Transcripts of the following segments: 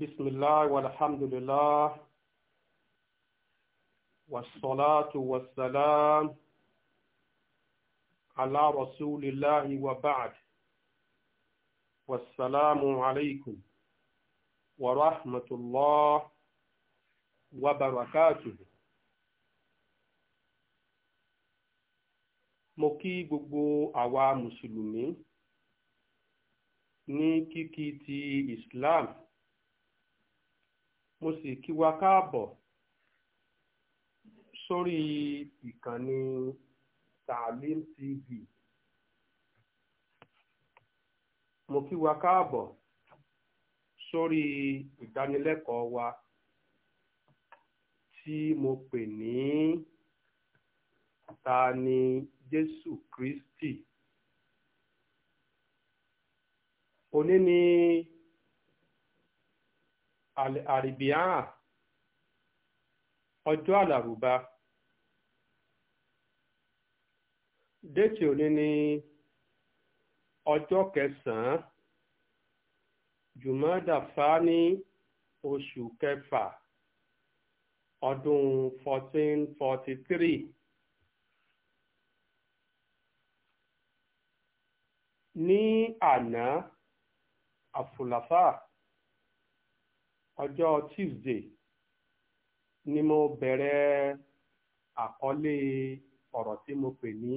بسم الله والحمد لله والصلاة والسلام على رسول الله وبعد والسلام عليكم ورحمة الله وبركاته mo kí gbogbo àwa mùsùlùmí ní kíkí ti Islam mo sì kí wa káàbọ̀ sórí ìkànnì Taalim TV mo kí wa káàbọ̀ sórí ìdánilẹ́kọ̀ọ́ wa tí mo pè ní ta ni Jésù Kristi òní ni. Jesús, àrìbíàrà ọjọ́ àlàrúbá déètì òní ni ọjọ́ kẹsàn-án jùmọ́dà fáání oṣù kẹfà ọdún 1443 ní àná àfùlàfáà ọjọ́ Tuesday ni mo bẹ̀rẹ̀ àkọlé ọ̀rọ̀ tí mo pè ní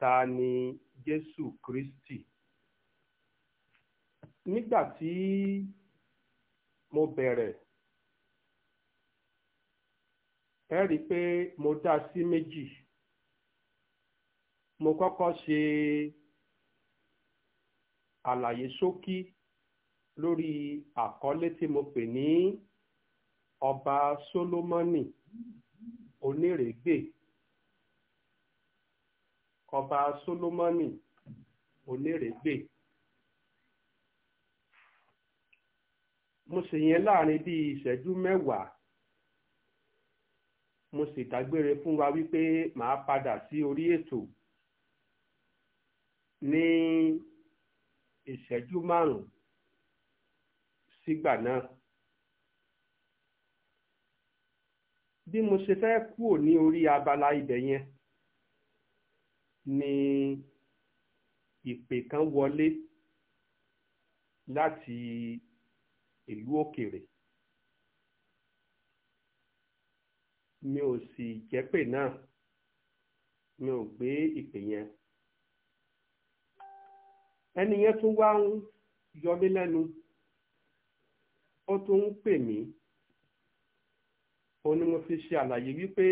ta ni Jésù Kristi nígbà tí mo bẹ̀rẹ̀ ẹ rí i pé mo dá sí méjì mo kọ́kọ́ ṣe àlàyé ṣókí. So lórí àkọlé tí mo pè ní ọba Solomoni, onírègbè ọba Sólómọ́nì onírègbè mo sì yẹn láàrin bíi ìṣẹ́jú mẹ́wàá mo sì dágbére fún wa wípé màá padà sí orí ètò ní ìṣẹ́jú márùn sígbà náà. bí mo ṣe fẹ́ kúrò ní orí abala ibẹ̀ yẹn ni ìpè kan wọlé láti ìlú òkèrè mi ò sì jẹ́pè náà mi ò gbé ìpè yẹn ẹni yẹn tún wá ń yọ lẹ́nu ó tún ń pè mí ó ní mo fi ṣe àlàyé wípé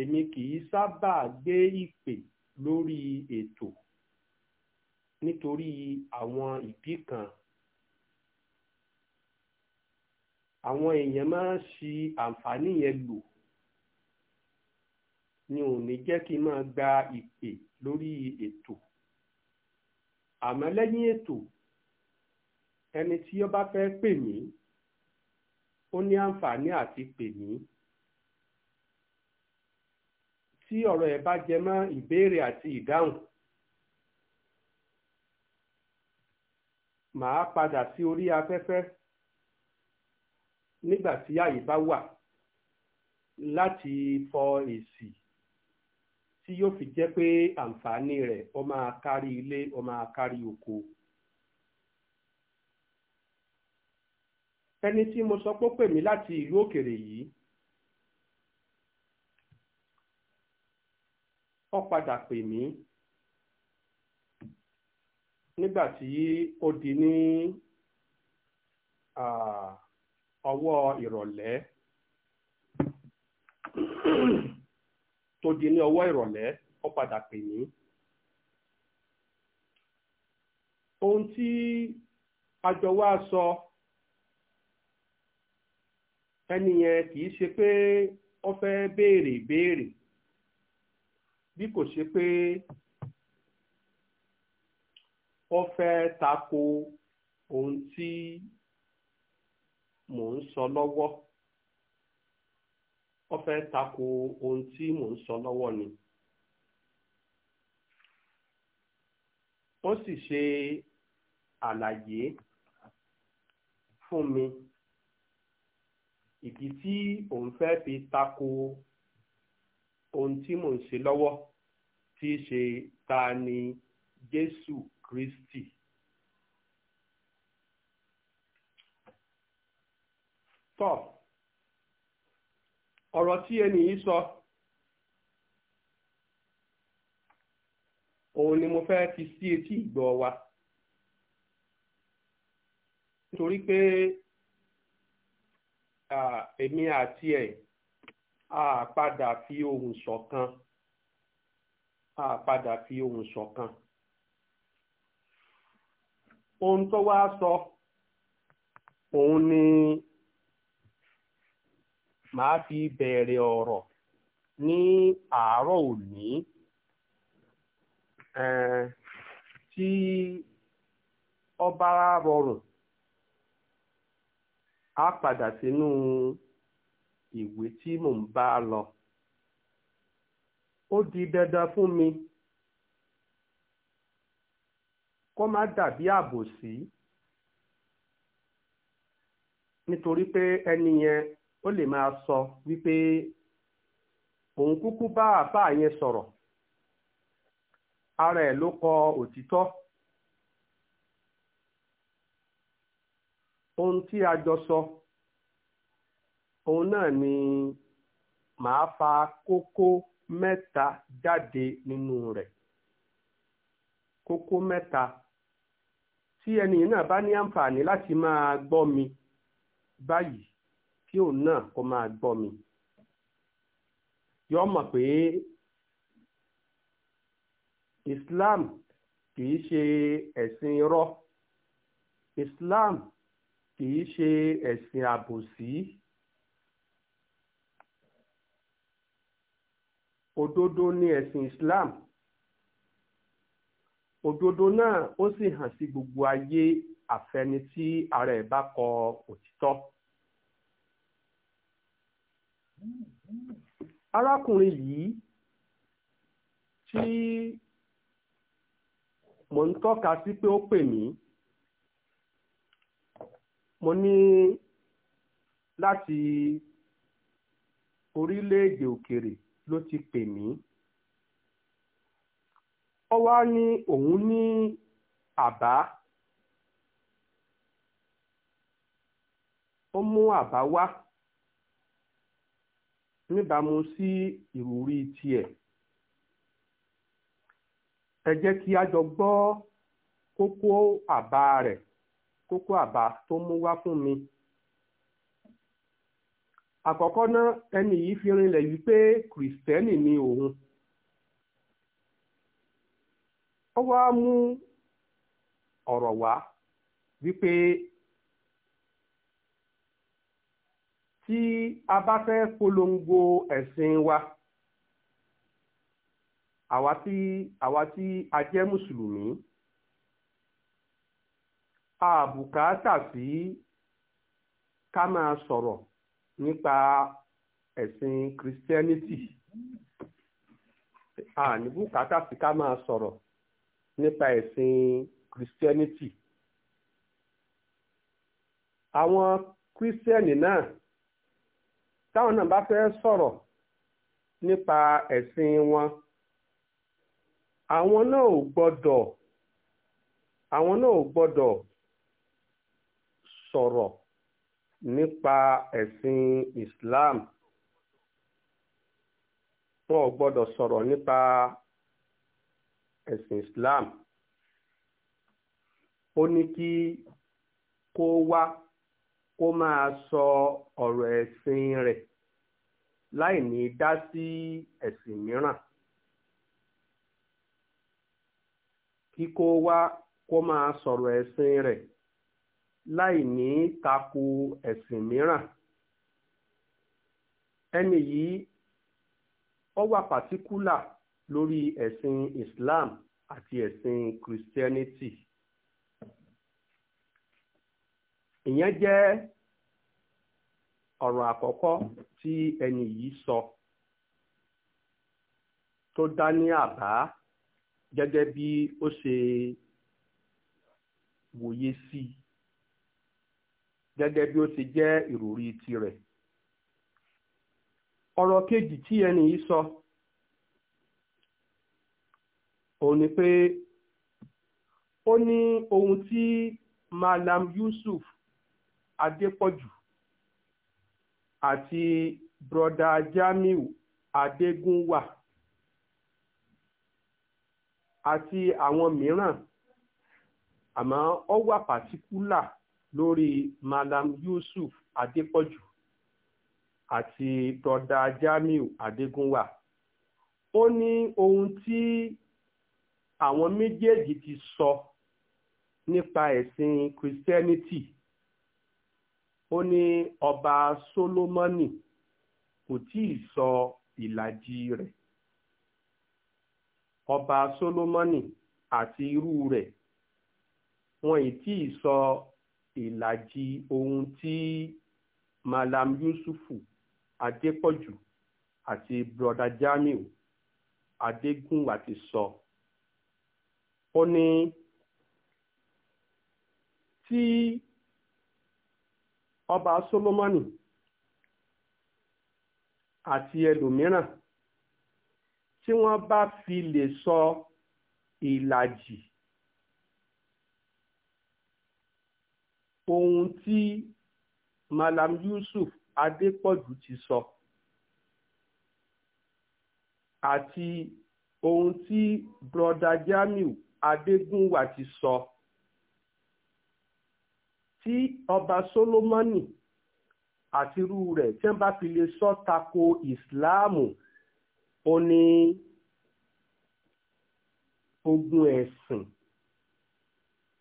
èmi kì í sábà gbé ìpè lórí ètò nítorí àwọn ìdí kan àwọn èèyàn máa ń ṣi àǹfààní yẹn lò ni ò ní jẹ́ kí n máa gba ìpè lórí ètò àmọ́ lẹ́yìn ètò ẹni tí ó bá fẹ́ pè mí ó ní àǹfààní àti pè mí tí ọ̀rọ̀ ẹ̀ bá jẹ mọ́ ìbéèrè àti ìdáhùn màá padà sí orí afẹ́fẹ́ nígbà tí àyè bá wà láti fọ èsì tí yóò fi jẹ́ pé àǹfààní rẹ̀ ó máa kárí ilé ó máa kárí oko. ẹni tí mo sọ pé pè mí láti ìlú òkèrè yìí ó padà pè mí nígbà tí ó di ní ọwọ́ ìrọ̀lẹ́ tó di ní ọwọ́ ìrọ̀lẹ́ ó padà pè ohun tí àjọ wa sọ. So, ẹni yẹn kì í ṣe pé ó fẹ́ béèrè ìbéèrè bí kò ṣe pé ó fẹ́ tako ohun tí mò ń sọ lọ́wọ́ ó fẹ́ tako ohun tí mò ń sọ lọ́wọ́ ni. ó sì ṣe àlàyé fún mi ìdí tí òun fẹ́ fi tako ohun tí mò ń ṣe lọ́wọ́ tí í ṣe ta ni Jésù Kristi. tọ́ ọ̀rọ̀ tí ẹni yìí sọ òun ni mo fẹ́ fi sí etí ìgbọ́ wa nítorí pé èmi àti ẹ̀ a padà fi ohun ṣọ̀kan a padà fi ohun ṣọ̀kan ohun tó wá sọ òun ni màá fi bẹ̀rẹ̀ ọ̀rọ̀ ní àárọ̀ òní tí ọba rọrùn á padà sínú ìwé tí mò ń bá lọ ó di dandan fún mi kó má dàbí àbòsí nítorí pé ẹni yẹn ó lè máa sọ wípé òun kúkú bá àbá yẹn sọ̀rọ̀ ara ẹ̀ ló kọ òtítọ́. ohun tí a jọ sọ òun náà ni màá fa kókó mẹ́ta jáde nínú rẹ̀ kókó mẹ́ta tí ẹni náà bá ní àǹfààní láti máa gbọ́ mi báyìí kí òun náà kó máa gbọ́ mi yọ mọ̀ pé Islam kì í ṣe ẹ̀sìn irọ́ Islam kì í ṣe ẹ̀sìn àbòsí òdodo ni ẹ̀sìn Islam òdodo náà ó sì hàn sí gbogbo ayé àfẹni tí ara ẹ̀ bá kọ òtítọ́. arákùnrin yìí tí mò ń tọ́ka sí pé ó pè mí mo ní láti orílẹ̀-èdè òkèrè ló ti pè mí ó wá ní òun ní àbá ó mú àbá wá níbàámu sí ìwúrí tiẹ̀ ẹ jẹ́ kí a jọ gbọ́ kókó àbá rẹ̀ kókó àbá tó mú wá fún mi. àkọ́kọ́ náà ẹni yìí fi rinlẹ̀ wípé kìrìsìtẹ́nì ni òun. ó wá mú ọ̀rọ̀ wá wípé tí a bá fẹ́ polongo ẹ̀sìn wa àwa tí àwa tí a jẹ́ mùsùlùmí àbùkátà sí ká sọrọ nípa ẹ̀sìn ká máa sọ̀rọ̀ nípa ẹ̀sìn Christianity àwọn Christian náà táwọn náà bá fẹ́ sọ̀rọ̀ nípa ẹ̀sìn wọn àwọn náà gbọ́dọ̀ àwọn náà gbọ́dọ̀ sọ̀rọ̀ nípa ẹ̀sìn Islam wọn ò gbọ́dọ̀ sọ̀rọ̀ nípa ẹ̀sìn Islam ó ní kí kó wá kó máa sọ ọ̀rọ̀ ẹ̀sìn rẹ̀ láì ní dá sí ẹ̀sìn mìíràn kí kó wá kó máa sọ̀rọ̀ ẹ̀sìn rẹ̀ láì ní tako ẹ̀sìn mìíràn ẹni yìí ó wà pàtíkúlà lórí ẹ̀sìn Islam àti ẹ̀sìn Christianity ìyẹn jẹ́ ọ̀rọ̀ àkọ́kọ́ tí ẹni yìí sọ tó dá ní àbá gẹ́gẹ́ bí ó ṣe wòye sí i gẹ́gẹ́ bí ó ti jẹ́ ìròrí tirẹ̀. ọ̀rọ̀ kejì tí ẹni yìí sọ òun ni pé ó ní ohun tí Malam Yusuf Adépọ̀jù àti broda Jamiu Adégúnwà àti àwọn mìíràn àmọ́ ó wà pàtíkúlà lórí Malam Yusuf Adepoju, àti broda Jamiu Adégúnwà ó ní ohun tí àwọn méjèèjì ti sọ nípa ẹ̀sìn Christianity ó ní ọba Solomoni kò tí ì sọ ìlàjì rẹ̀ ọba Solomoni àti irú rẹ̀ wọn ì tí ì sọ ìlàjì ohun tí malam yusufu adépọ̀jù àti broda jamiu adégúnwà ti sọ ó ní tí ọba solomoni àti ẹlòmíràn tí wọ́n bá fi lè sọ ìlàjì ohun tí Malam Yusuf Adépọ̀jù ti sọ àti ohun tí broda Jamiu Adégúnwà ti sọ tí ọba Solomoni àtirú rẹ̀ tí wọ́n bá fi lè sọ tako ìsìláàmù ó ní ogun ẹ̀sìn. E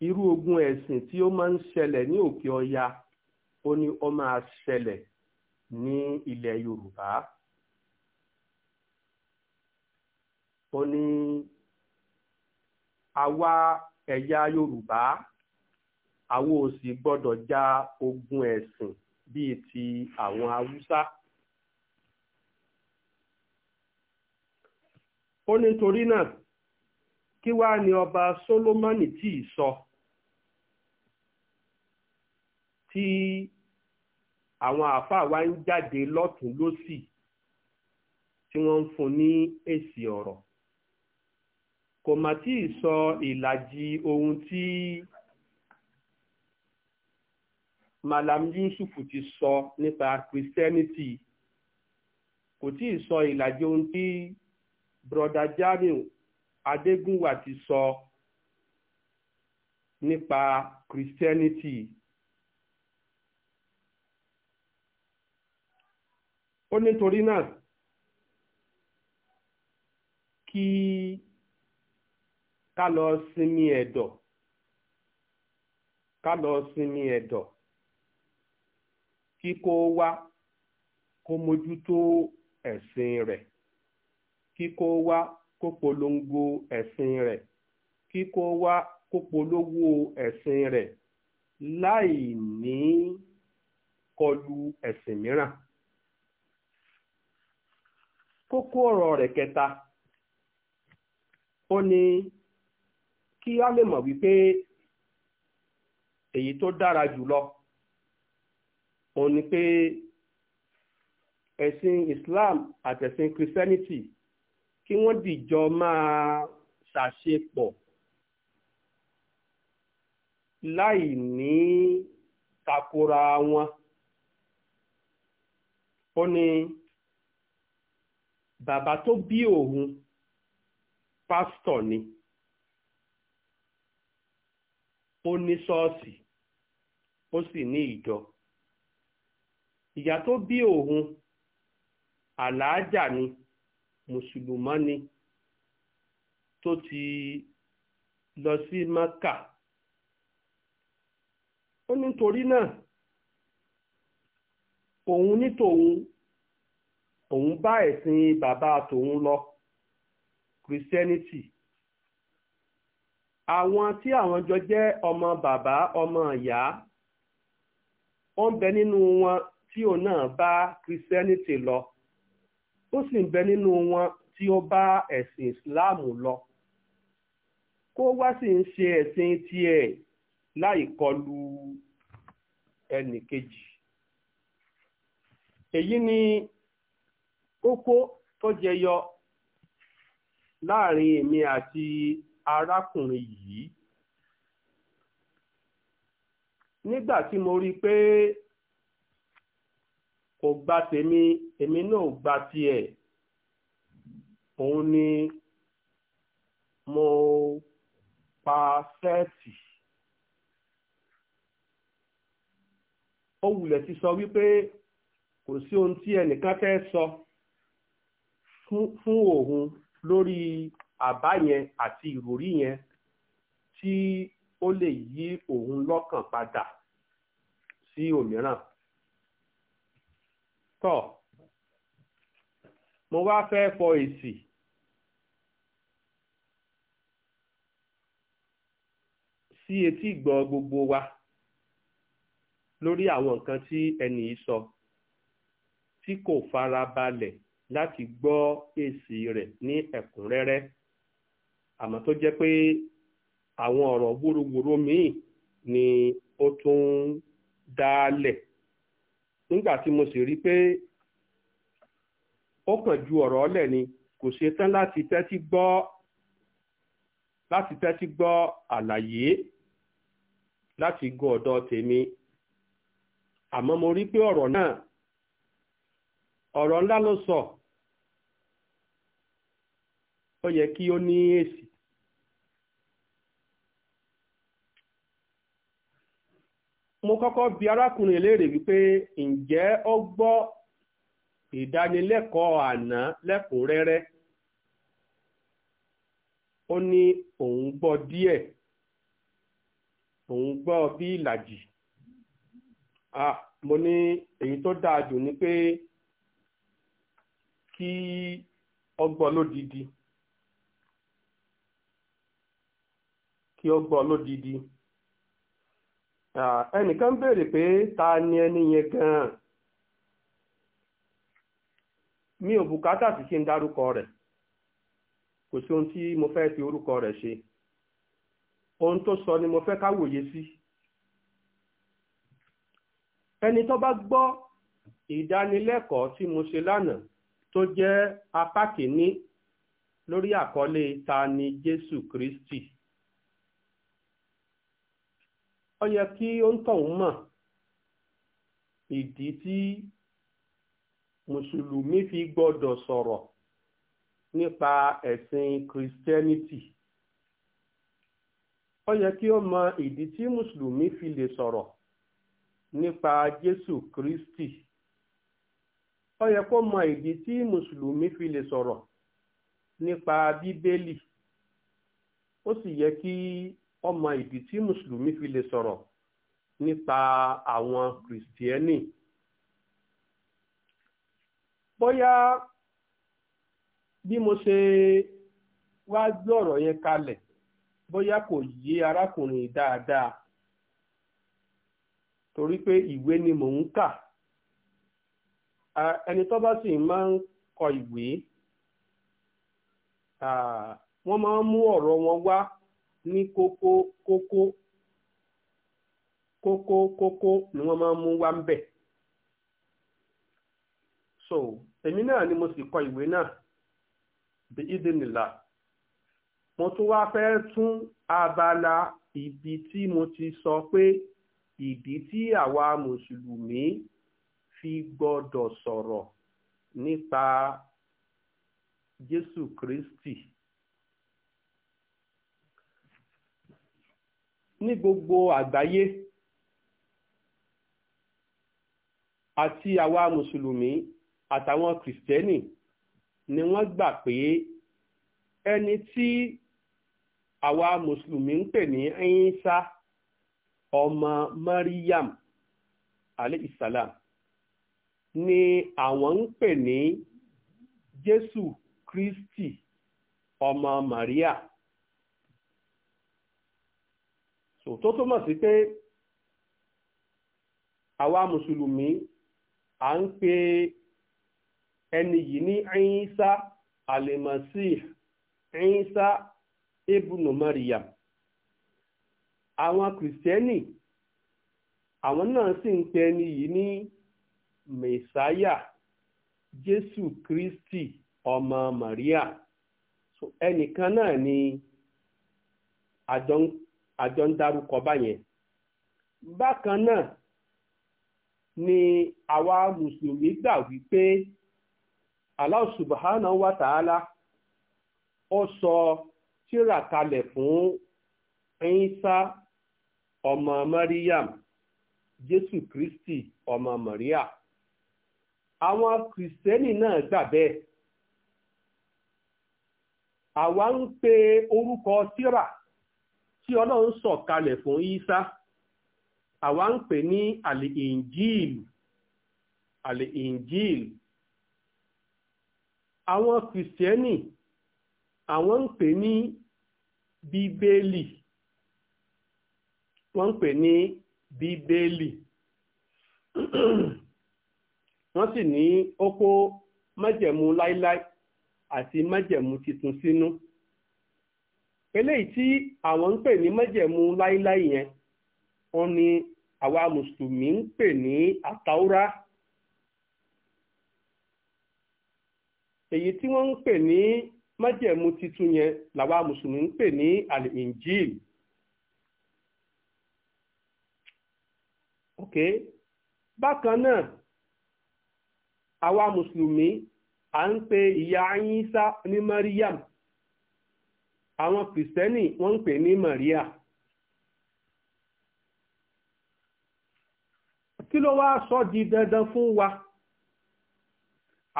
irú ogun ẹ̀sìn tí ó máa ń ṣẹlẹ̀ ní òkè ọya ó ní ó máa ṣẹlẹ̀ ní ilẹ̀ yorùbá ó ní àwa ẹ̀yà yorùbá àwa ò gbọ́dọ̀ ja ogun ẹ̀sìn bíi ti àwọn haúsá. ó ní torí náà kí wá ni ọba Sólómọ́nì tí ì sọ tí àwọn àáfàá wa ń jáde lọ́tún lọ́sì tí wọ́n ń fún ní èsì ọ̀rọ̀ kò mà tí ì sọ ìlàjì ohun tí Malam Yusuf ti sọ nípa Christianity kò tí ì sọ ìlàjì ohun tí broda Jamiu adégúnwà ti sọ nípa christianity ó nítorí náà kí ká lọ sinmi ẹ̀dọ̀ ká lọ sinmi ẹ̀dọ̀ kí kó wá kó mójútó ẹ̀sìn rẹ̀ kí kó wá kó polongo ẹ̀sìn rẹ̀ kí kó wá kó polówó ẹ̀sìn rẹ̀ láì ní kọlu ẹ̀sìn mìíràn. kókó ọ̀rọ̀ rẹ̀ kẹta ó ní kí a lè mọ̀ wípé èyí tó dára jùlọ òun ni pé ẹ̀sìn Islam àtẹ̀sìn Christianity kí wọ́n dìjọ máa ṣàṣepọ̀ láì ní takora wọn ó ní bàbá tó bí òun pásítọ̀ ni ó ní ṣọ́ọ̀ṣì ó sì ní ìjọ ìyá tó bí òun àlàájà ni. Pastor, mùsùlùmánì tó ti lọ sí maka ó nítorí náà òun ní tòun òun bá ẹ̀sìn bàbá tòun lọ christianity àwọn tí àwọn jọ jẹ́ ọmọ bàbá ọmọ ìyá ó bẹ nínú wọn tí òun náà bá christianity lọ. ó sì ń bẹ nínú wọn tí ó bá ẹ̀sìn Islam lọ kó wá sì ń ṣe ẹ̀sìn tiẹ̀ láì kọlu ẹnì kejì èyí ni kókó tó jẹyọ láàrin èmi àti arákùnrin yìí nígbà tí mo rí i pé kò gba tèmi èmi náà ò gba tiẹ̀ òun ni mo pa sẹ́ẹ̀tì ó wulẹ̀ ti sọ wípé kò sí ohun tí ẹnìkan fẹ́ sọ fún òun lórí àbá yẹn àti ìròrí yẹn tí ó lè yí òun lọ́kàn padà sí òmíràn. Si tọ̀ mo wá fẹ́ fọ èsì sí etí ìgbọ́ gbogbo wa lórí àwọn nǹkan tí ẹnì yìí sọ tí kò fara balẹ̀ láti gbọ́ èsì rẹ̀ ní ẹ̀kúnrẹ́rẹ́ àmọ́ tó jẹ́ pé àwọn ọ̀rọ̀ wúruwúru míì ni ó tún ń dálẹ̀ nígbà tí mo sì rí pé ó kàn ju ọ̀rọ̀ ọ̀lẹ̀ ni kò ṣe tán láti tẹ́tí gbọ́ láti tẹ́tí gbọ́ àlàyé láti gun ọ̀dọ̀ tèmi àmọ́ mo rí pé ọ̀rọ̀ náà ọ̀rọ̀ ńlá ló sọ ó yẹ kí ó ní èsì mo kọ́kọ́ bi arákùnrin léèrè wípé ǹjẹ́ ó gbọ́ ìdánilẹ́kọ̀ọ́ àná lẹ́kùnrẹ́rẹ́ ó ní òun gbọ́ díẹ̀ òun gbọ́ bí ìlàjì ah mo ní èyí tó dáa jù ni pé kí ọgbọ́ lódidi kí ọgbọ́ lódidi ẹnìkan béèrè pé ta ni ẹni yẹn gan-an mi ò bùkátà sí kí n dárúkọ rẹ̀ kò sí ohun tí mo fẹ́ fi orúkọ rẹ̀ ṣe ohun tó sọ ni mo fẹ́ ká sí ẹni tó bá gbọ́ ìdánilẹ́kọ̀ọ́ tí mo ṣe lánàá tó jẹ́ apá kìíní lórí àkọlé ta ni Jésù Kristi ó yẹ kí ó ń tọ̀hún mọ̀ ìdí tí mùsùlùmí fi gbọ́dọ̀ sọ̀rọ̀ nípa ẹ̀sìn Christianity ó yẹ kí ó mọ ìdí tí mùsùlùmí fi lè sọ̀rọ̀ nípa Jésù Kristi ó yẹ kó mọ ìdí tí mùsùlùmí fi lè sọ̀rọ̀ nípa Bíbélì ó sì yẹ kí ọmọ ìdí tí mùsùlùmí fi lè sọ̀rọ̀ nípa àwọn kìrìsìtẹ́nì bóyá bí mo ṣe wá gbé ọ̀rọ̀ yẹn kalẹ̀ bóyá kò yé arákùnrin dáadáa torí pé ìwé ni mò ń kà ẹni tó bá sì máa ń kọ ìwé wọ́n máa ń mú ọ̀rọ̀ wọn wá ní kókó kókó kókó kókó ni wọ́n máa ń mú wá ń bẹ̀. so èmi náà ni mo sì kọ ìwé náà bí ìdínìlà mo tún wá fẹ́ tún abala ibi tí mo ti sọ pé ìdí tí àwa mùsùlùmí fi gbọ́dọ̀ sọ̀rọ̀ nípa Jésù Kristi. ní gbogbo àgbáyé àti àwa mùsùlùmí àtàwọn kìrìsìtẹ́nì ni wọ́n gbà pé ẹni tí àwa mùsùlùmí ń pè ní ẹ̀yìnsá ọmọ Maryam aleyhisselam ni àwọn ń pè ní Jésù Kristi ọmọ Maria. so tó túmọ̀ sí pé àwa mùsùlùmí à ń pe ẹni yìí ní Ìsá al-Masih Ìsá ibnu àwọn kìrìsìtẹ́nì àwọn náà sì ń pe ẹni yìí ní mẹ̀sáyà jésù kristi ọmọ maria so ẹnìkan náà ni àjọ ń àjọ ń dárúkọ báyẹn bákan náà ni àwa mùsùlùmí gbà wípé Allah subhanahu wa ó sọ tíra kalẹ̀ fún Ìsá ọmọ Mariam Jésù Kristi ọmọ Maria àwọn kìrìsìtẹ́nì náà gbà bẹ́ẹ̀ àwa ń pe orúkọ tíra tí ọlọ́run sọ̀ kalẹ̀ fún Isa àwa ń pè ní àlè ìǹjíìlù àlè ìǹjíìlù àwọn kìrìsìtẹ́nì àwọn ń pè ní bíbélì wọ́n ń pè ní bíbélì wọ́n sì ní ó kó májẹ̀mú láíláí àti májẹ̀mú titun sínú. eléyìí tí àwọn ń pè ní májẹ̀mú láíláí yẹn wọ́n ní àwa mùsùlùmí ń pè ní àtàwúrá èyí tí wọ́n ń pè ní májẹ̀mú titun yẹn làwa mùsùlùmí ń pè ní ok bákan náà àwa mùsùlùmí à ń pe ìyá ayínṣá ní Mariam àwọn kìrìsìtẹ́nì wọ́n ń pè ní Maria kí ló wá sọ di dandan fún wa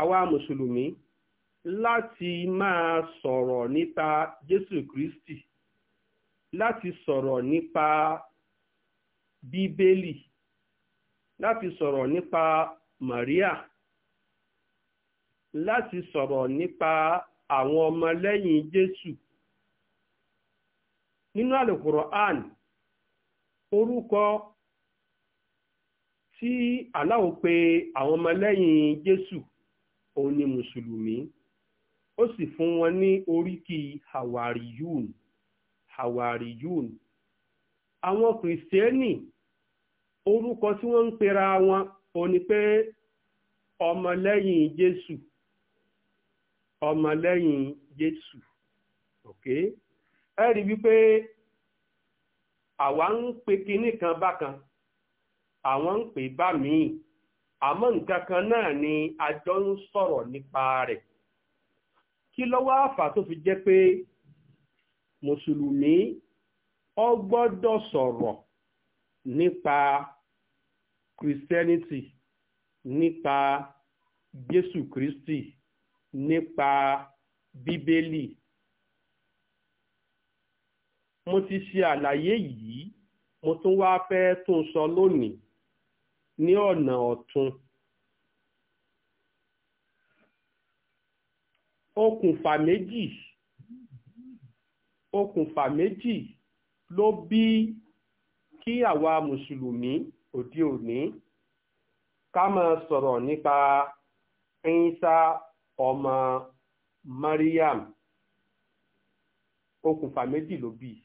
àwa mùsùlùmí láti máa sọ̀rọ̀ nípa Jésù Kristi láti sọ̀rọ̀ nípa Bíbélì láti sọ̀rọ̀ nípa Maria láti sọ̀rọ̀ nípa àwọn ọmọlẹ́yìn Jésù nínú àlùkùránì orúkọ tí Allah pe àwọn ọmọlẹ́yìn Jésù òun ni mùsùlùmí ó sì fún wọn ní oríkì hawariyun hawariyun àwọn kìrìsìtẹ́nì orúkọ tí wọ́n ń pera wọn òun ni pé ọmọlẹ́yìn Jésù ọmọlẹ́yìn Jésù okay? ẹ rí wípé àwa ń pe kinní kan bákan àwọn ń pè bá míì àmọ́ nǹkan kan náà ni a jọ ń sọ̀rọ̀ nípa rẹ̀ kí ló tó fi jẹ́ pé mùsùlùmí ó soro sọ̀rọ̀ nípa christianity nípa jésù kristi nípa bíbélì mo ti ṣe àlàyé yìí mo tún wá fẹ́ tún sọ lónìí ní ọ̀nà ọ̀tun. okùnfà méjì okùnfà méjì ló bí kí àwa mùsùlùmí òde òní ká máa sọ̀rọ̀ nípa Ìsá ọmọ Mariam okùnfà méjì ló bí i